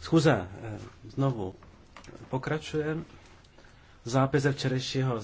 Schůze eh, znovu pokračuje. Zápis ze včerejšího